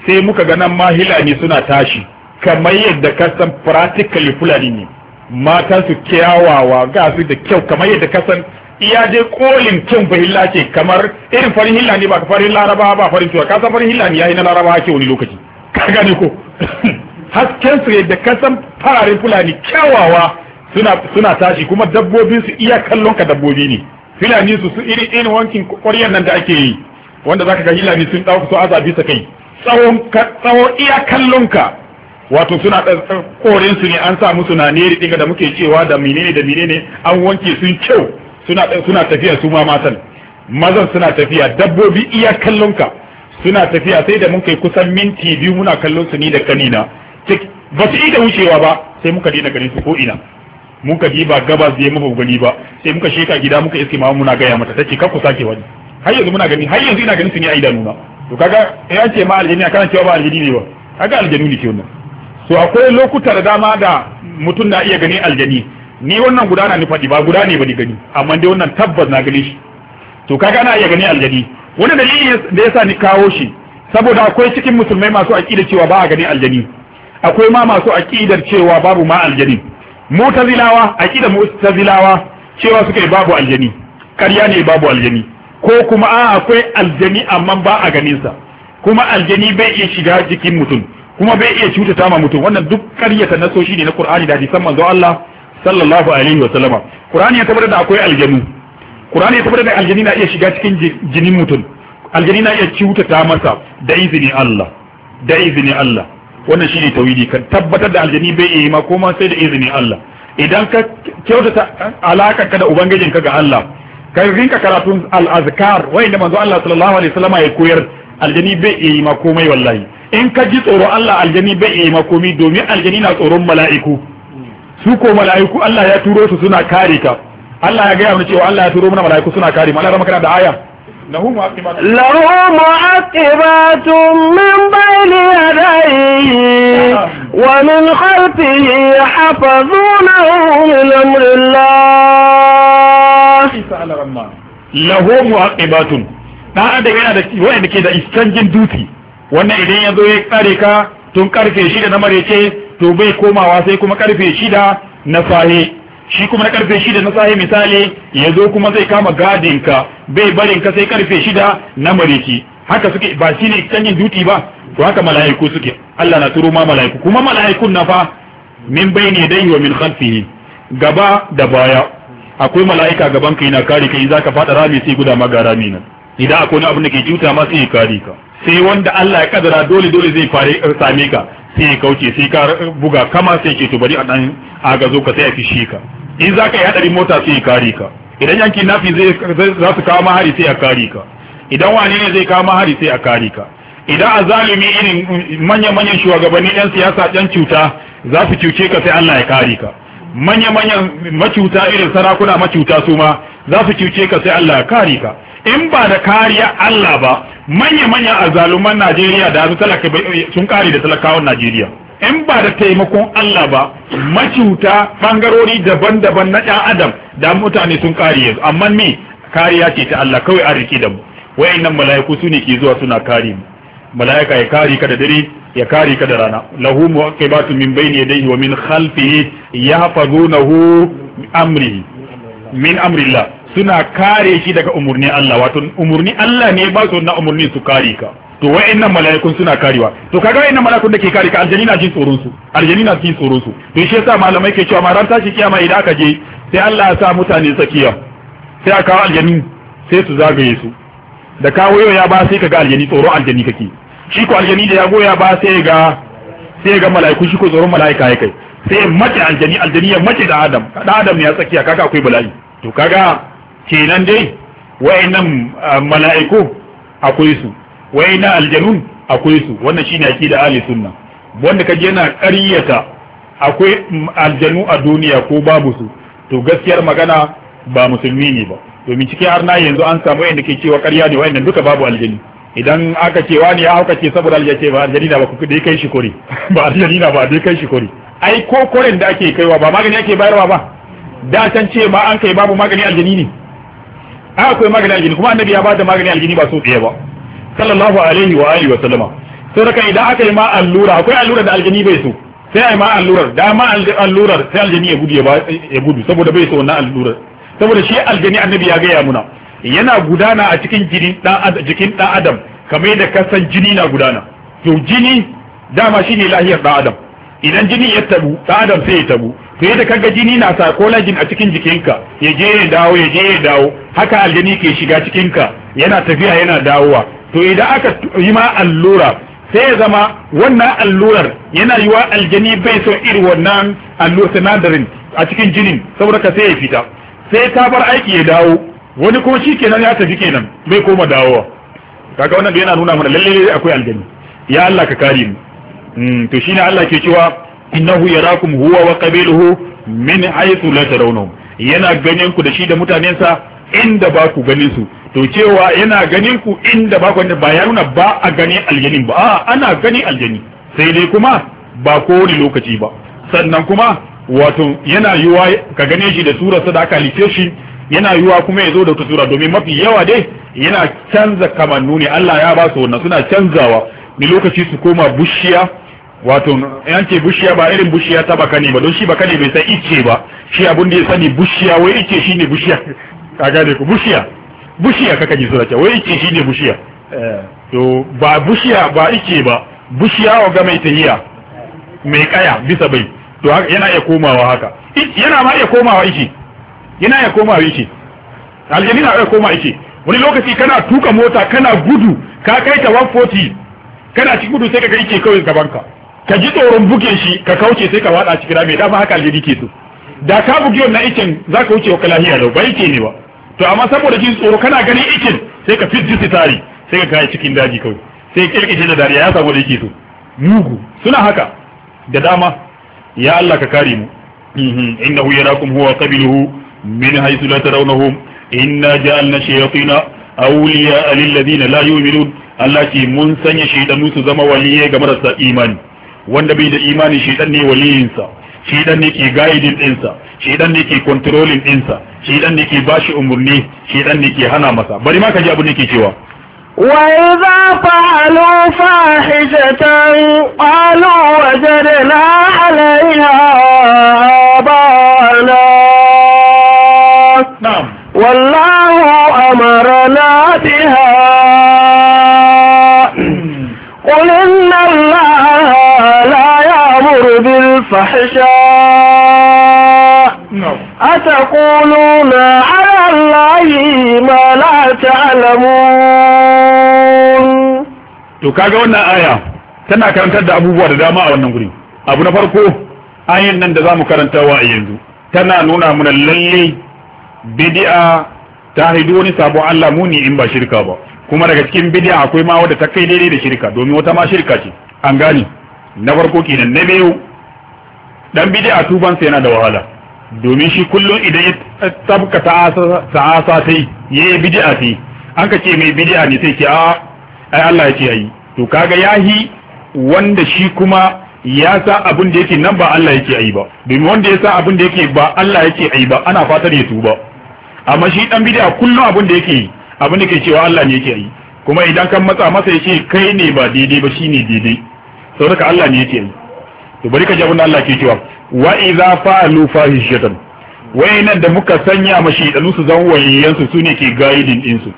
sai muka ga nan ma hilani suna tashi kamar yadda ka san practically fulani ne mata su kyawawa ga su da kyau kamar yadda ka san iya je kolin kin fahilla ce kamar irin farin hilla ne ba farin laraba ba farin tuwa ka san farin hilla ne yayi na laraba ake wani lokaci ka gane ko hasken su yadda kasan fararen fulani kyawawa suna tashi kuma dabbobin su iya kallon ka dabbobi ne fulani su su iri in wankin ƙwaryar nan da ake yi wanda zaka ga hilani sun dauka su aza bisa kai tsawon tsawon iya kallon ka wato suna korin su ne an sa musu na neri dinga da muke cewa da menene da menene an wanke sun kyau suna suna tafiya su ma matan mazan suna tafiya dabbobi iya kallon ka suna tafiya sai da mun kai kusan minti biyu muna kallon su ni da kanina ba su iya wucewa ba sai muka daina ganin su ko ina muka ba gabas da yamma gani ba sai muka sheka gida muka iske ma muna gaya mata take kar ku sake wani har yanzu muna gani har yanzu ina ganin su ne a nuna. to kaga an ce ma aljini kana cewa ba aljini ne ba kaga aljini ne ke wannan to akwai lokuta da dama da mutum na iya ganin aljini ni wannan guda na ni fadi ba guda ne ba ni gani amma dai wannan tabbas na gani shi to kaga ana iya ganin aljini wani dalili da yasa ni kawo shi saboda akwai cikin musulmai masu aqida cewa ba a ganin aljini akwai ma masu aƙidar cewa babu ma aljani mutazilawa aƙidar mutazilawa cewa suka yi babu aljani karya ne babu aljani ko kuma a akwai aljani amma ba a ganinsa kuma aljani bai iya shiga jikin mutum kuma bai iya cutata ma mutum wannan duk karyata nasoshi ne na Qur'ani da hadisan manzo Allah sallallahu alaihi wa sallama Qur'ani ya tabbata da akwai aljanu Qur'ani ya tabbata da aljani na iya shiga cikin jinin mutum aljani na iya cutata masa da izini Allah da izini Allah wannan shine tauhidi ka tabbatar da aljani bai iya ma koma sai da izinin Allah idan ka kyautata alaka ka da ubangijinka ga Allah ka rinka karatun al-azkar wanda manzo Allah sallallahu alaihi wasallam ya koyar aljani bai yi ma komai wallahi in ka ji tsoro Allah aljani bai yi ma komai domin aljani na tsoron mala'iku su ko mala'iku Allah ya turo su suna kare ka Allah ya gaya mana cewa Allah ya turo mana mala'iku suna kare mu Allah ya da aya له معقبات له معقبات من بين يديه ومن خلفه حفظونه من أمر الله له معقبات na adam yana da wa'anda ke da iskanjin duti wannan idan ya zo ya kare ka tun karfe shida na marece to bai komawa sai kuma karfe shida na fahe. shi kuma na karfe shida na sahi misali ya zo kuma zai kama gadin ka bai barin ka sai karfe shida na mariki haka suke ba shi ne canjin duti ba to haka mala'iku suke Allah na turo ma mala'iku kuma mala'ikun na fa min bayni dai wa min khalfihi gaba da baya akwai mala'ika gaban ka yana kare kai zaka fada rami sai guda ma ga rami nan idan akwai wani abu da ke juta ma sai ya kare ka sai wanda Allah ya kadara dole dole zai fare eh, same ka sai ya kauce sai ka buga kama sai ke to bari a dan agazo ka sai a fishi ka in za ka yi hadari mota sai ya kare ka idan yanki nafi zai za su kawo mahari sai a kare ka idan wani ne zai kawo mahari sai a kare ka idan a zalimi irin manya-manyan shugabanni yan siyasa yan cuta za su cuce ka sai Allah ya kare ka manya-manyan macuta irin sarakuna macuta su ma za su cuce ka sai Allah ya kare ka in ba da kariya Allah ba manya-manya a zaluman Najeriya da su talaka sun kare da talakawan Najeriya in ba da taimakon Allah ba macuta bangarori daban-daban na ɗan adam da mutane sun kare yanzu amma me kariya ce ta Allah kawai an rike da mu wayannan mala'iku su ne ke zuwa suna kare mu mala'ika ya kare ka da dare ya kare ka da rana lahu muqibatu min bayni yadayhi wa min khalfihi yahfazunahu amri min amrillah suna kare shi daga umurni Allah wato umurni Allah ne ba su na umurni su kare ka to wa'annan mala'ikun suna karewa to kaga wa'annan mala'ikun da ke kare ka aljani na jin tsoron su aljani na jin tsoron su to shi yasa malamai ke cewa ma ran tashi kiyama idan aka je sai Allah ya sa mutane tsakiya sai aka kawo aljani sai su zagaye su da kawo yau ya ba sai kaga aljani tsoron aljani kake shi ko aljani da ya goya ba sai ga sai ga mala'iku shi ko tsoron mala'ika ya kai sai mace aljani aljani ya mace da adam da adam ya tsakiya kaga akwai bala'i to kaga kenan dai nan ah, mala'iku akwai su na aljanun akwai su wannan shine aqida ahli sunna wanda kaje yana ƙaryata akwai mm, aljanu a duniya ko babu su to gaskiyar magana ba musulmi ne ba domin cikin arna yanzu an samu yadda ke cewa ƙarya ne wayannan duka babu aljani idan aka ce wani ya hauka ce saboda aljani ce ba aljani na ba ku dai kai shi kore ba aljani na ba dai kai shi kore ai ko koren da ake kaiwa ba magani ake bayarwa ba da can ce ma an kai babu magani aljani ne a akwai maganin aljini kuma annabi ya ba da maganin aljini ba su tsaye ba sallallahu alaihi wa alihi wa sallama sai raka idan aka yi ma allura akwai allura da aljini bai so sai ai ma allurar da ma allurar sai aljini ya gudu ya gudu saboda bai so wannan allurar saboda shi aljini annabi ya gaya muna yana gudana a cikin jini dan jikin dan adam kamar yadda kasan jini na gudana to jini dama shine lahiyar dan adam idan jini ya tabu dan adam sai ya tabu to yadda kaga jini na sa kolajin a cikin jikinka ya je ya dawo ya je ya dawo haka aljani ke shiga cikinka yana tafiya yana dawowa to idan aka yi ma allura sai ya zama wannan allurar yana yi wa aljani bai so iri wannan allura sinadarin a cikin jinin saboda ka sai ya fita sai ta bar aiki ya dawo wani ko shi kenan ya tafi kenan bai koma dawowa kaga wannan da yana nuna mana lalle akwai aljani ya Allah ka kare mu hmm, to shine Allah ke cewa innahu yarakum huwa wa qabiluhu min haythu la tarawnahum yana ganin ku da shi da mutanensa inda ba ku ganin su to cewa yana ganin ku inda ba ku ba ya nuna ba a gani aljanin ba a ana gani aljani sai dai kuma ba kowane lokaci ba sannan kuma wato yana yiwa ka gane shi da surarsa da aka halice shi yana yiwa kuma ya zo da wata sura domin mafi yawa dai yana canza kamannu ne Allah ya ba su wannan suna canzawa ni lokaci su koma bushiya wato an ce bushiya ba irin bushiya ta baka ne ba don shi baka ne bai san ice ba shi abun da ya sani bushiya wai ice shi ne bushiya ka gane ku bushiya bushiya kaka ji sura wai ice shi ne bushiya eh. to ba bushiya ba ice ba bushiya wa ga mai tahiya mai kaya bisa bai to yana iya komawa haka yana ma iya komawa ice yana iya komawa ice aljini na iya komawa ice wani lokaci kana tuka mota kana gudu ka kai ta 140 kana cikin gudu sai ka ga ice kawai gaban ka ka ji tsoron buge shi ka kauce sai ka wada cikin rami dama haka aljini ke so da ka buge wannan ikin za ka wuce wa lahiya da bai ke ne ba to amma saboda jin tsoro kana ganin ikin sai ka fit jisi tari sai ka kai cikin daji kawai sai kirkishe da dariya ya samu da yake so mugu suna haka da dama ya Allah ka kare mu mhm, innahu yarakum huwa qabiluhu min haythu la tarawnahum inna ja'alna shayatina awliya lil ladina la yu'minun Allah ce mun sanya shaydanu su zama waliyai ga marasa imani wanda bai da imani dan ne waliyinsa dan ne ke guiding shi dan ne ke controlling shi dan ne ke bashi umurni dan ne ke hana masa bari ma ka ji abin da ke cewa وإذا فعلوا فاحشة قالوا وجدنا عليها آباءنا نعم والله أمرنا بها قل الفحشاء أتقولون على الله ما لا تعلمون to kaga wannan aya tana karantar da abubuwa da dama a wannan guri abu na farko ayan nan da zamu karantawa a yanzu tana nuna mana lalle bid'a ta haidu wani sabon allamu ne in ba shirka ba kuma daga cikin bid'a akwai ma wadda ta kai daidai da shirka domin wata ma shirka ce an gane na farko kenan na biyu dan bid'a tuban sai yana da wahala domin shi kullum idan ya tabka ta'asa sai yi bid'a sai an ka ce mai bid'a ne sai ke a ai Allah ya ce yayi to kaga yahi wanda shi kuma ya sa abin da yake nan ba Allah yake ayi ba domin wanda ya sa abin da yake ba Allah yake ayi ba ana fatar ya tuba amma shi dan bid'a kullum abin da yake abin da yake cewa Allah ne yake yi kuma idan kan matsa masa yace kai ne ba daidai ba shine daidai saboda Allah ne yake yi. to bari ka ji abin da Allah ke cewa wa idza fa'alu fahishatan nan da muka sanya mashi danu su zan wayiyan su sune ke guiding din su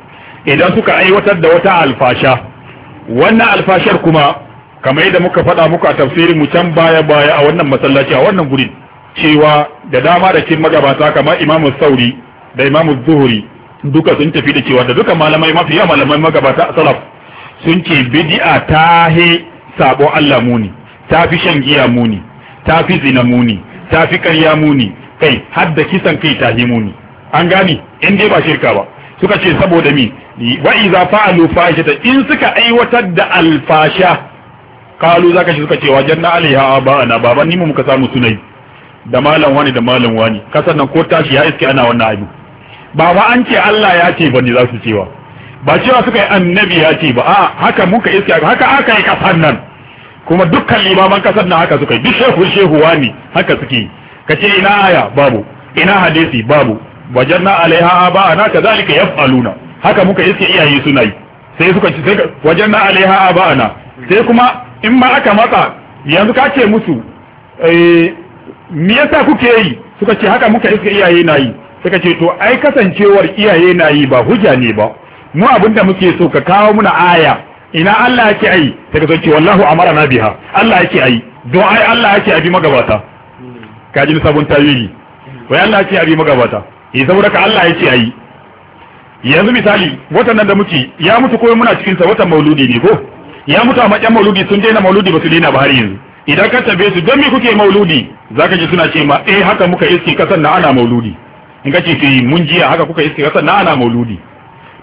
idan suka aiwatar da wata alfasha wannan alfashar kuma kamar yadda muka faɗa muku a tafsirin mu can baya baya a wannan masallaci a wannan gurin cewa da dama da cikin magabata kamar imamu sauri da imamu zuhuri duka sun tafi da cewa da duka malamai mafi yawa malamai magabata a salaf sun ce bid'a ta he sabon Allah muni ta fi shan giya muni ta fi zina muni ta fi karya muni kai har da kisan kai ta muni an gane in dai ba shirka ba suka ce saboda mi wa iza fa'alu fashata in suka aiwatar da alfasha kalu zaka shi suka ce janna alaiha abana baban ni mu muka samu sunai da malam wani da malam wani kasan nan ko tashi ya iske ana wannan abu ba ba an ce Allah ya ce bane za su cewa ba cewa suka yi annabi ya ce ba a haka muka iske haka aka yi kasan nan kuma dukkan limaman kasar na haka suka yi duk shehu shehu wani haka suke yi ce ina aya babu ina hadisi babu wajanna alaiha ba ana kazalika yaf'aluna haka muka iske iyaye suna yi sai suka ci sai wajanna alaiha ba ana sai kuma in ma aka matsa yanzu ka ce musu eh me yasa kuke yi suka ce haka muka iske iyaye na yi suka ce to ai kasancewar iyaye na yi ba hujja ne ba mu abinda muke so ka kawo muna aya ina Allah yake ai daga zance wallahu amara na biha Allah yake ai don ai Allah yake abi magabata ji sabon tawili wai Allah yake abi magabata eh saboda ka Allah yake ai yanzu misali watan nan da muke ya mutu ko muna cikin sa watan mauludi ne ko ya mutu a makyan mauludi sun daina mauludi ba su daina ba har yanzu idan ka tabe su don me kuke mauludi zaka ji suna ce ma eh haka muka iske kasan na ana mauludi in ka ce eh, mun jiya haka kuka iske kasan na ana mauludi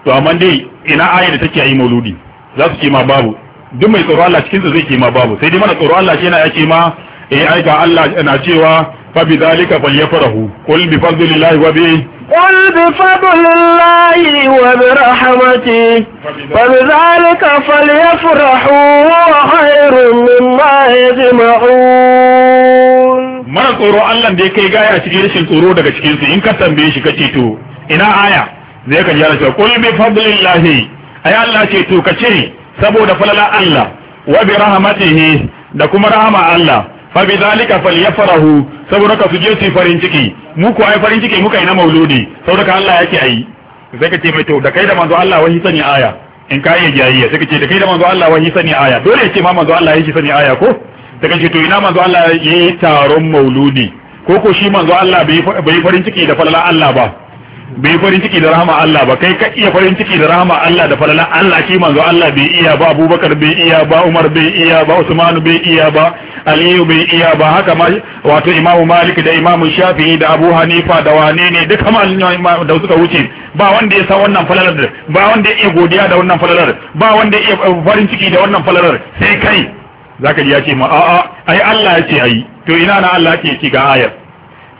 to amma dai ina ayar da take yi mauludi za su ce babu duk mai tsoro Allah cikin su zai ce babu sai dai mana tsoro Allah shi yana ya ce ma eh ai ga Allah yana cewa fa bi zalika falyafrahu qul bi fadlillahi wa bi قل بفضل الله وبرحمته فبذلك فليفرحوا هو خير مما يجمعون mara tsoro Allah da ya kai gaya cikin rashin tsoro daga cikin su in ka tambaye shi kace to ina aya zai ka jira cewa qul bi fadlillahi ai Allah ce to kace saboda falala Allah wa bi rahmatihi da kuma rahama Allah fa bi zalika falyafrahu saboda ka suje su farin ciki mu ko ai farin ciki muka yi na mauludi saboda ka Allah yake ai sai ka ce mai to da kai da manzo Allah wahi sani aya in ka yi jayiya sai ka ce da kai da manzo Allah wahi sani aya dole ya ce ma manzo Allah yake sani aya ko da ka ce to ina manzo Allah yayi taron mauludi ko ko shi manzo Allah bai farin ciki da falala Allah ba bai farin ciki da rahama Allah ba kai ka iya farin ciki da rahama Allah da falala Allah shi manzo Allah bai iya ba Abubakar bai iya ba Umar bai iya ba Usman bai iya ba Aliyu bai iya ba haka ma wato Imam Malik da Imam Shafi'i da Abu Hanifa da wane ne duka malaman da suka wuce ba wanda ya san wannan falalar ba wanda ya iya godiya da wannan falalar ba wanda ya iya farin ciki da wannan falalar sai kai zaka ji ya ce ma a'a ai Allah ya ce ai to ina na Allah ke ci ga ayar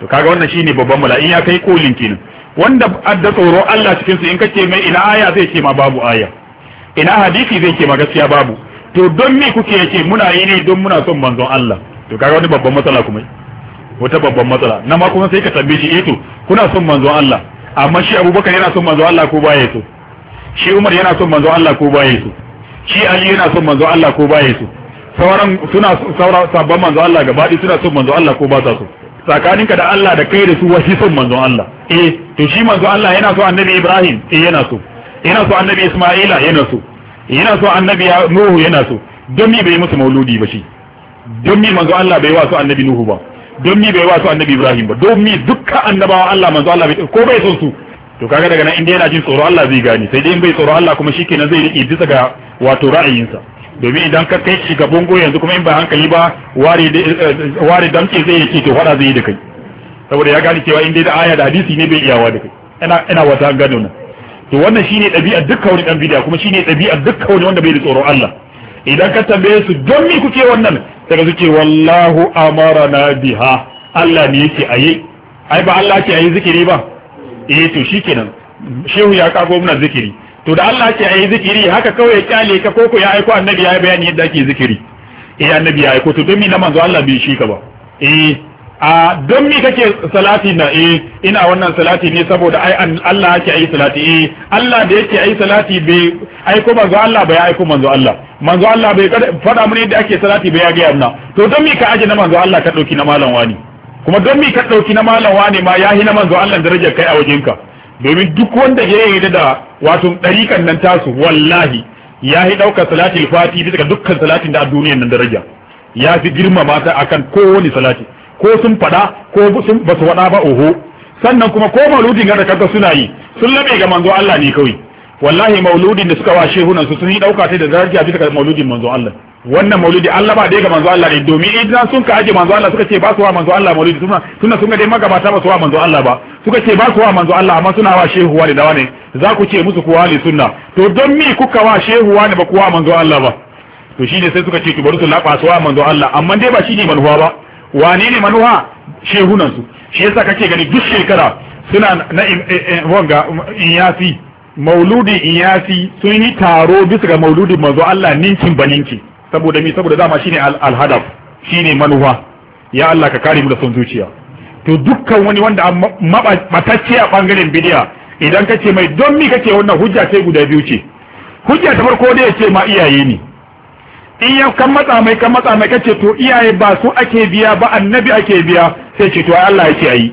to kaga wannan shine babban in ya kai kolin kenan wanda adda tsoro Allah cikin su in kace mai ina aya zai ce ma babu aya ina hadisi zai ce ma gaskiya babu to don me kuke yake muna yi ne don muna son manzon Allah to kaga wani babban matsala kuma wata babban matsala na ma kuma sai ka tambaye shi eh to kuna son manzon Allah amma shi Abubakar yana son manzon Allah ko baya so shi Umar yana son manzon Allah ko baya so shi Ali yana son manzon Allah ko baya so sauran suna sauran sabban manzon Allah gaba suna son manzon Allah ko ba sa so tsakaninka da Allah da kai da su wasu son manzon Allah eh to shi manzon Allah yana so annabi Ibrahim eh yana so yana so annabi Isma'ila yana so yana so annabi Nuhu yana so don me bai musu mauludi ba shi don me manzon Allah bai wasu annabi Nuhu ba don me bai wasu annabi Ibrahim ba don me dukkan annabawa Allah manzon Allah bai ko bai son su to kaga daga nan inda yana jin tsoro Allah zai gane sai dai in bai tsoro Allah kuma shikenan zai riƙe bisa ga wato ra'ayinsa domin idan ka kai shiga bongo yanzu kuma in ba hankali ba ware eh, eh, damce zai yi to fada zai yi da kai saboda ya gani cewa inda da aya da hadisi ne bai iyawa da kai ina wata gano nan to wannan shine ɗabi'ar dukkan wani dan bidiya kuma shine ɗabi'ar dukkan wani wanda bai da tsoron Allah idan ka tambaye su don me kuke wannan daga suke wallahu amarana biha Allah ne yake ayi ai ba Allah yake aye zikiri ba eh to shikenan shehu ya kago muna zikiri to da Allah ce ayi zikiri haka kawai ya kyale ka ko ya aiko annabi ya yi bayani yadda ake zikiri eh annabi ya aiko to don me na manzo Allah bai shi ka ba eh a don me kake salati na eh ina wannan salati ne saboda ai Allah yake ayi salati eh Allah da yake ayi salati bai aiko manzo Allah bai aiko manzo Allah manzo Allah bai fada mun yadda ake salati bai ya ga yana to don me ka aje na manzo Allah ka dauki na malam wani kuma don me ka dauki na malam wani ma yahi na manzo Allah darajar kai a wajenka domin duk wanda ya yi da wato ɗarikan nan tasu wallahi ya yi ɗaukar salati fati bisa ga dukkan salatin da a duniyan nan daraja ya fi girmama ta akan kowane salati ko sun faɗa ko sun ba su faɗa ba oho sannan kuma ko mauludin ga da suna yi sun labe ga manzo Allah ne kawai wallahi mauludin da suka wa shehunan su sun yi ɗauka ta da daraja bisa ga mauludin manzo Allah wannan maulidi Allah ba dai ga manzo Allah ne domin idan sun ka aje manzo Allah suka ce ba su wa manzo Allah maulidi suna suna sun ga dai magabata ba su wa manzo Allah ba suka ce ba su wa manzo Allah amma suna wa shehu wani da wani za ku ce musu kuwa ne sunna to don me kuka wa shehu wani ba kuwa manzo Allah ba to shine sai suka ce ki bari su laba su wa manzo Allah amma dai ba shine manuwa ba wani ne manuwa nan su shi yasa kake gani duk shekara suna na eh, eh, wanga iyasi mauludi in iyasi sun yi taro bisa ga mauludin manzo Allah ninkin baninki saboda mi saboda dama shine al shine manufa ya Allah ka kare mu da son zuciya to dukkan wani wanda matacce a bangaren bidiya idan kace mai don mi kake wannan hujja ce guda biyu ce hujja ta farko da yace ma iyaye ne in ya kan matsa mai kan matsa mai kace to iyaye ba su ake biya ba annabi ake biya sai ce to Allah yake ayi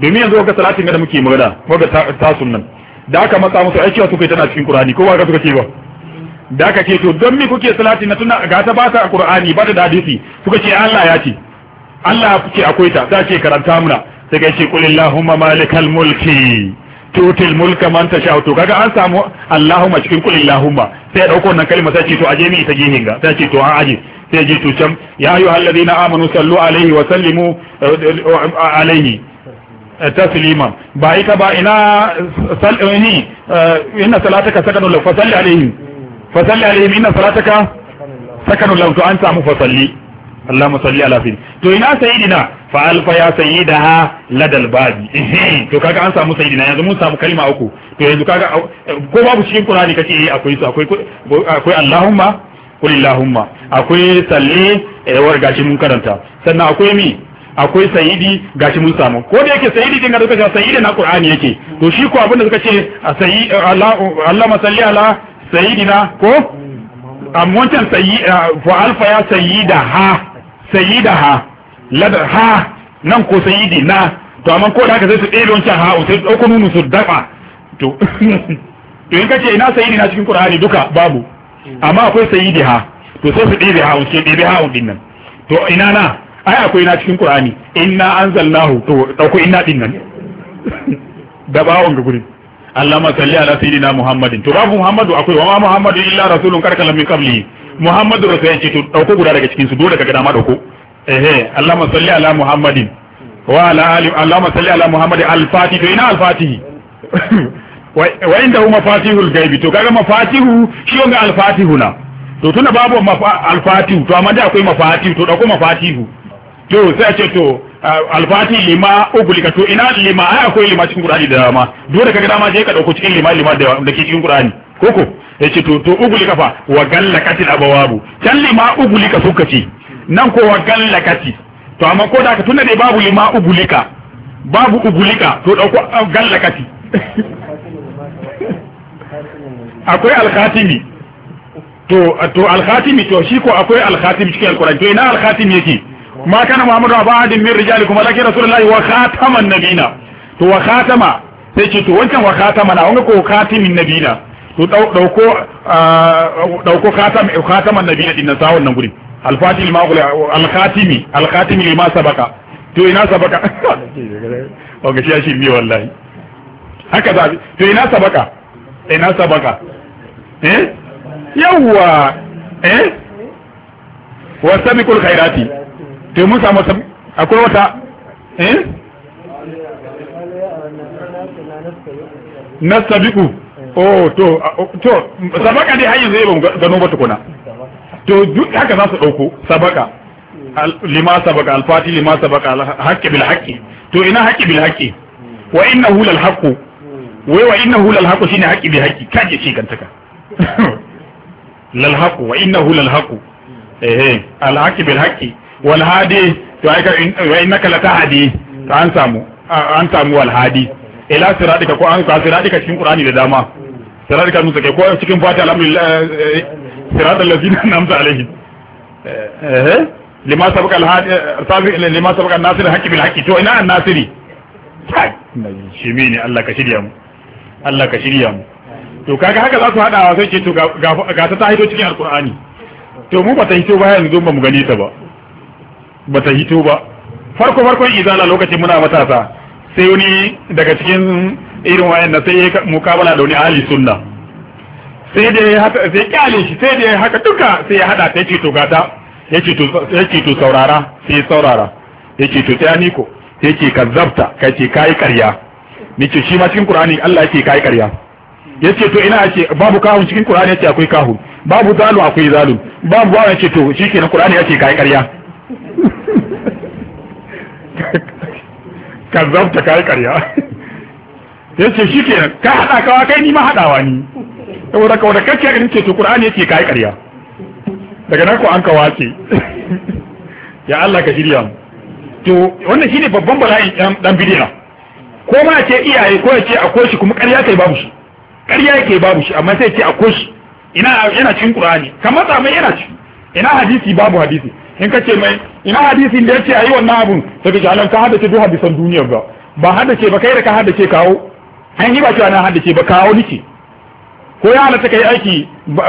domin yanzu ga salatin da muke magana ko ga tasun nan da aka matsa musu aiki cewa suka tana cikin Qur'ani ko ba ka suka ce ba da aka ce to don me kuke salati na tuna ga ta ba ta a qur'ani ba ta da hadisi suka ce Allah ya ce Allah ce akwai ta ta ce karanta muna sai kai ce qul illahumma malikal mulki tutil mulka man tasha to kaga an samu Allahumma cikin qul illahumma sai dauko wannan kalma sai ce to aje mi ita gehin ga sai ce to an aje sai je to can ya ayu alladhina amanu sallu alaihi wa sallimu alaihi taslima ba ita ba ina sallu ni eh, inna salataka sakanu lafasalli alaihi fasalli alaihim inna salataka sakanu lahu to an samu fasalli Allahumma salli ala sayyidi to ina sayyidina fa alfa ya sayyidaha ladal babi to kaga an samu sayidina yanzu mun samu kalma uku to yanzu kaga ko babu cikin Qur'ani kace eh akwai su akwai akwai Allahumma qul Allahumma akwai salli eh war gashi mun karanta sannan akwai mi akwai sayidi gashi mun samu ko da yake sayidi din da suka ce sayidi na qur'ani yake to shi ko abin da suka ce sayi Allah salli ala sayidina ko wancan ah, fa'alfa ya sayida ha sayida ha ladar ha nan ko sayidi na to amma ko da haka sai su ɗebe wancan ha sai su ɗauko nunu su daɓa to in ka ce ina sayidi na cikin ƙur'ani duka babu amma akwai sayidi ha to sai su ɗebe ha sai ɗebe ha ɗin nan to ina na ai akwai na cikin ƙur'ani inna anzalnahu to ɗauko inna ɗin nan da bawon ga gurin Allahumma salli ala sayyidina Muhammadin to babu Muhammadu akwai wa muhammadu illa rasulun karkalam min qabli Muhammadu rasul yace to dauko guda daga cikin su dole kaga ma dauko ehe Allahumma salli ala Muhammadin wa ala ali Allahumma salli ala Muhammadin al-Fatih to ina al-Fatih wa inda huma fatihul gaibi to kaga mafatihu shi wanga al-Fatihu na to tuna babu al-Fatihu to amma da akwai mafatihu to dauko mafatihu to sai a ce to Ah, alfati lima ugulika to ina lima ai akwai lima cikin qur'ani da dama dole kaga dama sai ka dauko cikin lima lima da dake cikin qur'ani koko yace to to ugulika fa wa gallakatil abawabu can lima ugulika suka ce nan ko wa gallakati to amma ko da ka tunda dai babu lima ugulika babu ugulika to dauko ah, gallakati akwai alkhatimi to to alkhatimi to shi ko akwai alkhatimi cikin alqur'ani to ina alkhatimi yake ma kana muhammadu a ba'adin min rijalikum walakin rasulullahi wa khataman nabina to wa khatama sai ce to wancan wa khatama na wanga ko khatimin nabina to dauko dauko khatam khataman nabina din sa wannan gurin al-fatih al-maqul al-khatimi lima sabaka to ina sabaka oga shi shi biyo wallahi haka zabi to ina sabaka ina sabaka eh yawwa eh wasabiqul khairati to eh, mun samu wata akwai wata eh na sabiku oh to to sabaka dai hayyan zai gano ba tukuna to duk haka za su dauko sabaka lima sabaka alfati lima sabaka haqqi bil haqqi to ina haqqi bil haqqi wa innahu lal haqqu wai wa innahu lal haqqu shine haqqi bil haqqi kaje shi gantaka lal haqqu wa innahu lal haqqu eh eh al haqqi bil haqqi والهادي توايكا وإنك لتهدي تانسامو أنسامو والهادي إلى سرادك كو أنك سرادك شين القرآن لداما سرادك نوسا كو شين فات على من سراد الذين نمت عليهم إيه لما سبق الهادي سابق لما سبق الناصر حكي بالحكي تو إنا الناصري شميني الله كشريم الله كشريم to kaga haka za su hadawa sai ce to ga ga ta taito cikin alqur'ani to mu ba ta hito ba yanzu ba bata hito ba farko farkon izala lokacin muna matasa sai wani daga cikin irin wayan sai ya mukabala da wani ahli sunna sai da ya haka sai kyale shi sai da ya haka duka sai ya hada ta ce to gata yace to yace to saurara sai ya saurara yace to tsaya niko yace kazzabta kace kai ƙarya nace shi ma cikin qur'ani Allah yake kai ƙarya yace to ina yace babu kahun cikin qur'ani yace akwai kahun babu zalu akwai zalun babu wa yace to shikenan qur'ani yace kai ƙarya kazzabta kai karya yace shikenan ka hada kawa kai ni ma hadawa ni saboda ka wanda kake irin ce to Qur'ani yake kai karya daga nan ko an ka wace ya Allah ka shirya to wannan shine babban bala'i dan bidiya ko ma ce iyaye ko ya ce akwai shi kuma karya kai babu shi karya yake babu shi amma sai ce akwai shi ina yana cikin Qur'ani kamar sa mai yana cikin ina hadisi babu hadisi in ka ce mai ina hadisin da yace ayi wannan abun sai kace anan ka ce duk hadisan duniyar ba ba hada ce ba kai da ka hada ce kawo an yi ba cewa na ce ba kawo nike ko ya halatta kai aiki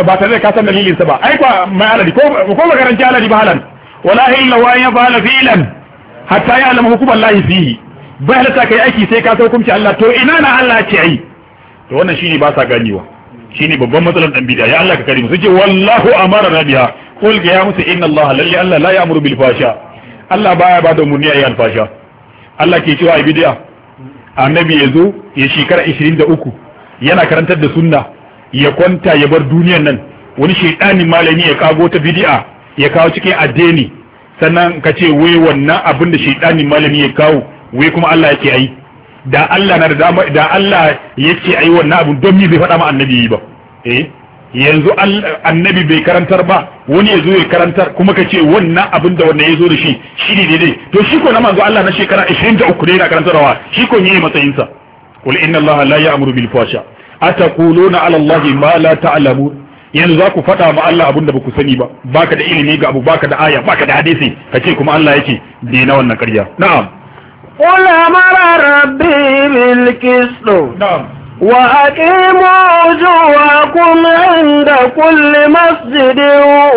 ba tare da ka san dalilin sa ba ai kwa mai aladi ko ko ba garanti aladi ba halan wala illa wa ya fa'ala filan hatta ya alama hukuman lahi fihi ba halatta kai aiki sai ka san hukunci Allah to ina na Allah ce ai to wannan shine ba sa ganewa shine babban matsalar dan bid'a ya Allah ka kare mu sai ce wallahu amara biha qul ya musu inna Allah lalle Allah la ya'muru bil fasha Allah baya ba da murni ayi alfasha Allah ke cewa ai bid'a annabi yazo ya shekara 23 yana karantar da sunna ya kwanta ya bar duniyar nan wani shaydanin malami ya kago ta bid'a ya kawo cikin addini sannan ka ce wai wannan abin da shaydanin malami ya kawo wai kuma Allah yake ai da Allah na da da Allah yake ai wannan abin don me bai faɗa ma annabi ba eh yanzu annabi bai karantar ba wani ya zo ya karantar kuma ka ce wannan abin da wannan ya zo da shi shi ne daidai to shi ko na manzo Allah na shekara 23 ne yana karantarwa shi ko yayi matsayinsa qul inna Allah la ya'muru bil fahsha ataquluna ala Allah ma la ta'lamun yanzu za ku faɗa ma Allah abin da ba ku sani ba baka da ilimi ga abu baka da aya baka da hadisi kace kuma Allah yake daina wannan ƙarya na'am qul amara rabbi bil qist na'am وأقيموا وجوهكم عند كل مسجد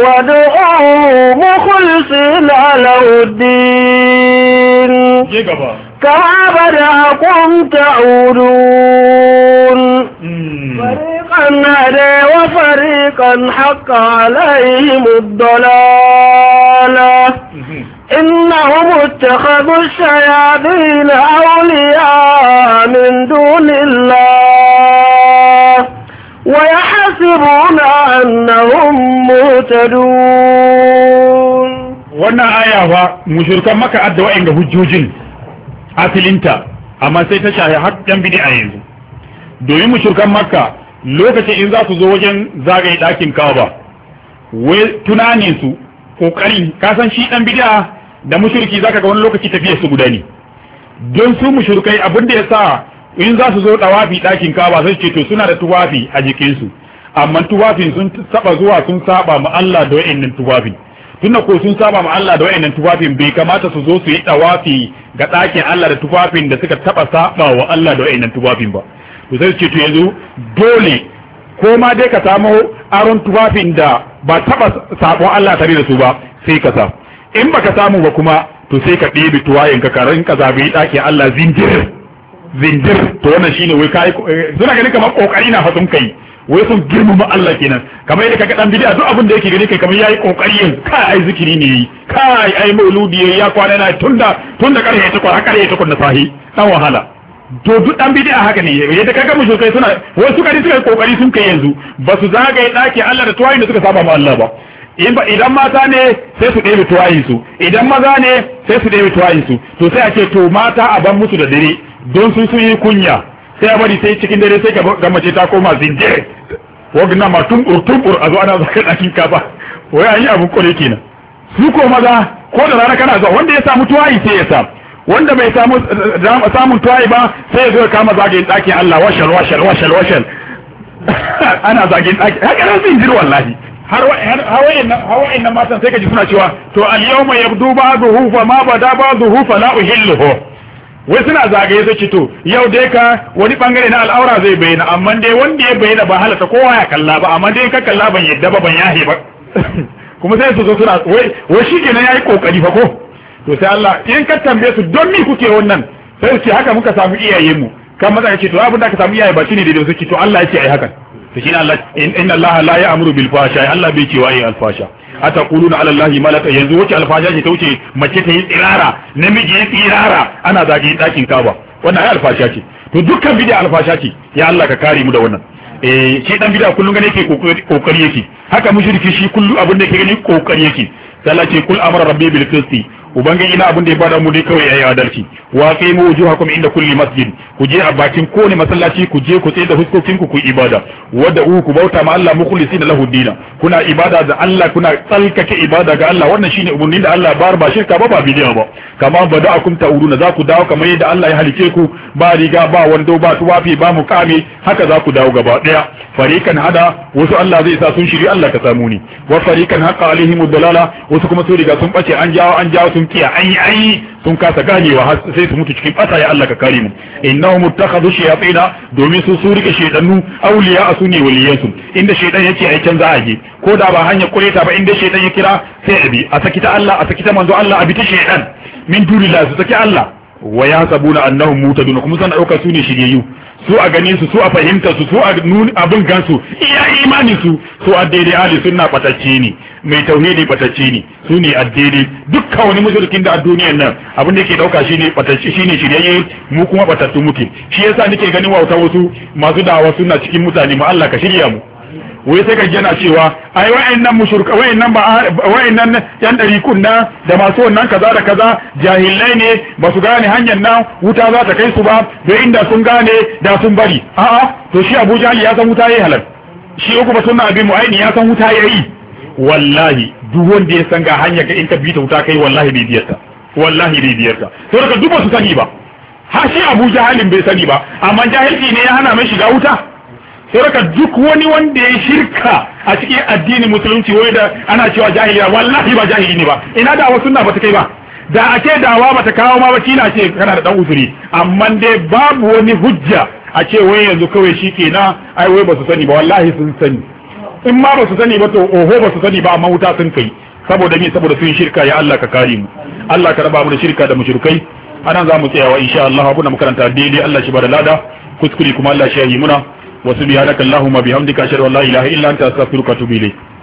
وادعوه مخلصين له الدين كما بدأكم تعودون فريقا هدي وفريقا حق عليهم الضلالة إنهم اتخذوا الشياطين أولياء من دون الله ويحسبون أنهم مهتدون wannan aya ba mushrikan maka adda wa'anda hujjojin filinta, amma sai ta shahi har dan bid'a yanzu domin mu mushrikan maka lokacin in za su zo wajen zagaye dakin kaba wai tunanin su kokari kasan shi ɗan bid'a da mushriki zaka ga wani lokaci tafiyar su guda ne don su mushrikai abin da yasa in za su zo dawafi dakin kaba sai ce to suna da tuwafi a jikin su amma tuwafin sun saba zuwa sun saba ma Allah da wayannan tuwafin tunda ko sun saba ma Allah da wayannan tuwafin bai kamata su zo su yi dawafi ga ɗakin Allah da tuwafin da suka taba saba wa Allah da wayannan tuwafin ba to sai ce to yanzu dole ko ma dai ka samu aron tuwafin da ba taba sabon Allah tare da su ba sai ka sa in baka samu ba kuma to sai ka ɗebe tuwayen ka karin ka zabi ɗaki Allah zindir zindir to wannan shine wai kai eh, suna ganin kamar kokari na fasun kai wai sun girmama Allah kenan kamar yadda kaga dan bidiya duk abin da yake gani kai kamar yayi kokari yin kai ai zikiri ne ka kai ai mauludi yayi ya kwana na tunda tunda karhe ta kwana karhe ta kunna sahi dan wahala to duk dan bidiya haka ne yadda kaga mushrikai suna wai suka ri suka kokari sun kai yanzu ba su zagaye ɗaki Allah da tuwayin da suka saba ma Allah ba idan mata ne sai su ɗebe tuwayinsu. su idan maza ne sai su ɗebe tuwayinsu. su to sai a ce to mata a ban musu da dare don sun sun yi kunya sai a bari sai cikin dare sai ga mace ta koma zinje wagna ma tumbur tumbur a zo ana zaka ɗakin ka ba wai an yi abin kore kenan su ko maza ko da rana kana zuwa wanda ya samu tuwayi sai ya sa wanda bai samu eh, samun tuwayi ba sai ya zo kama zagayen ɗakin Allah washal washal washal washal ana zagayen ɗakin haka nan zinjir wallahi har wa'annan matan sai ka ji suna cewa to al-yawma yabdu ba'dhu fa ma bada ba'dhu fa la uhilluhu wai suna zagaye su ci to yau dai ka wani bangare na al'aura zai bayyana amma dai wanda ya bayyana ba halatta kowa ya kalla ba amma dai ka kalla ban yadda ba ban yahe ba kuma sai su zo suna wai wai shi ya yayi kokari fa ko to sai Allah in ka tambaye su don me kuke wannan sai su ce haka muka samu iyaye mu kan maza ce to abin da ka samu iyaye ba shine su suke to Allah ya ce ai hakan to shi Allah in Allah la ya'muru bil fahsha Allah bai cewa wa ai al ataquluna ala Allah ma yanzu wace al ce ta wuce mace ta yi tsirara namiji ya tsirara ana zage dakin kaba wannan ai al fahsha ce to dukkan bid'a al ce ya Allah ka kare mu da wannan eh shi dan bid'a kullun gane yake kokari yake haka mushriki shi kullu abin da yake gani kokari yake Allah ce kul amara rabbi bil qisti ubangiji na abin da ya bada mu dai kawai yayi adalci wa qimu wujuhakum inda kulli masjid ku je a bakin kowane masallaci ku je ku tsaye da huskokin ku ku ibada wadda uku ku bauta ma Allah mukhlisin lahu dina kuna ibada da Allah kuna tsalkake ibada ga Allah wannan shine umurni da Allah bar ba shirka ba ba bidiya ba kama bada'akum ta'uduna za ku dawo kamar yadda Allah ya halice ku ba riga ba wando ba tuwafi ba mukami haka za ku dawo gaba daya farikan hada wasu Allah zai sa sun shiri Allah ka samu ni wa farikan haqa alaihimud dalala wasu kuma su riga sun bace an jawo an jawo sun sun an yi an yi sun kasa ganewa har sai su mutu cikin bata ya Allah ka kare mu innahum ittakhadhu shayatina domin su su rike a su ne waliyansu inda shaytan yake ai can za a je ko da ba hanya ta ba inda shaidan ya kira sai abi a saki ta Allah a saki ta manzo Allah abi ta shaytan min dunillah su saki Allah wa yahsabuna annahum mutadun kuma sana dauka su ne shiryayyu su a gane su su a fahimta su su a abin gansu iya imanin su su a daidai ahli sunna batacce ne mai tauhidi batacci ne su ne addini dukkan wani mushrikin da a duniyar nan abin da yake dauka shine batacce shine shiryayye mu kuma batattu muke shi yasa nake ganin wauta wasu masu dawa suna cikin mutane mu Allah ka shirya mu wai sai ka jana cewa ai wayannan mushurka wayannan ba wayannan yan dari kunna da masu wannan kaza da kaza jahilai ne ba su gane hanyar nan wuta za ta kai su ba da inda sun gane da sun bari a'a to shi Abu ya san wuta yayi halal shi uku ba sunna abin mu'ayni ya san wuta yayi wallahi duk wanda ya san ga hanya ga in ka bi ta wuta kai wallahi bai biyar ta wallahi bai biyar ta to daga duk su sani ba har shi Abu Jahalin bai sani ba amma jahilci ne ya hana mai shiga wuta to daga duk wani wanda ya shirka a cikin addinin musulunci wai da ana cewa jahili wallahi ba jahili ne ba ina da wasu na ba kai ba da a ake dawa bata kawo ma ba na ce kana da dan usuri amma dai babu wani hujja a ce wai yanzu kawai shi kenan ai wai ba su sani ba wallahi sun sani in ma ba su sani ba to oho ba su sani ba amma wuta sun kai saboda ni saboda sun shirka ya Allah ka kare mu Allah ka raba mu da shirka da mushrikai anan zamu tsayawa insha Allah abuna makaranta daidai Allah shi bada lada kuskure kuma Allah shi yi muna wa subhanaka allahumma bihamdika ashhadu an la ilaha illa anta astaghfiruka wa atubu ilayk